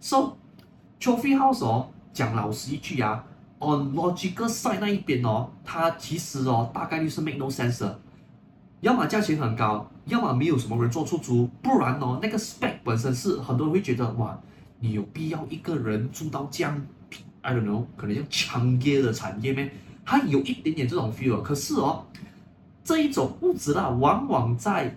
So trophy house 哦，講老實一句呀，啊，on logical side 那一邊哦，它其實哦大概率是 make no sense 嘅，要麼價錢很高，要麼沒有什麼人做出租，不然哦，那個 spec 本身是很多人會覺得哇，你有必要一個人住到這樣，I don't know，可能要強烈的產業咩，它有一點點這種 feel，可是哦，這一種物質啊，往往在，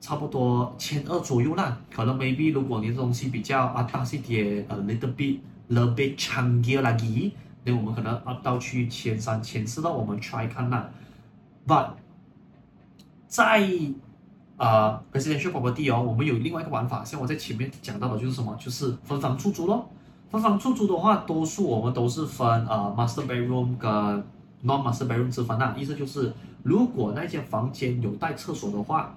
差不多千二左右啦，可能 maybe 如果你啲東西比較大一點，啊，up 檔次啲，呃 little bit little bit change 嚟嘅，咁我們可能 up 到去千三千四咯，我們 try 看啦。But 在啊 residential property 哦，我們有另外一個玩法，像我在前面講到的，就是什麼？就是分房出租咯。分房出租的話，多數我們都是分啊、呃、master bedroom 跟 non master bedroom 之分啦。意思就是如果那間房間有帶廁所的話。